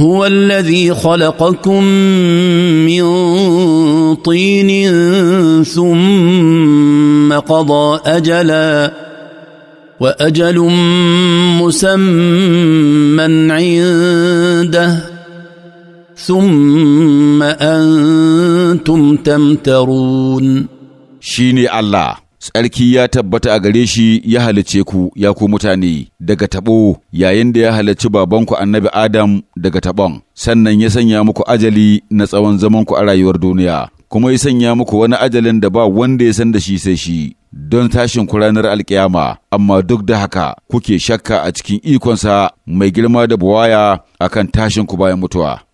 هو الذي خلقكم من طين ثم قضى اجلا واجل مسمى عنده ثم انتم تمترون شيني الله tsarki ya tabbata a gare shi ya halicce ku ya ku mutane daga taɓo yayin da ya halicci babanku annabi Adam daga taɓon, sannan ya sanya muku ajali na tsawon zamanku a rayuwar duniya, kuma ya sanya muku wani ajalin da ba wanda ya san da shi sai shi. Don tashin ku ranar alkiyama, amma duk da haka kuke shakka a cikin ikonsa mai girma da buwaya akan tashin ku bayan mutuwa.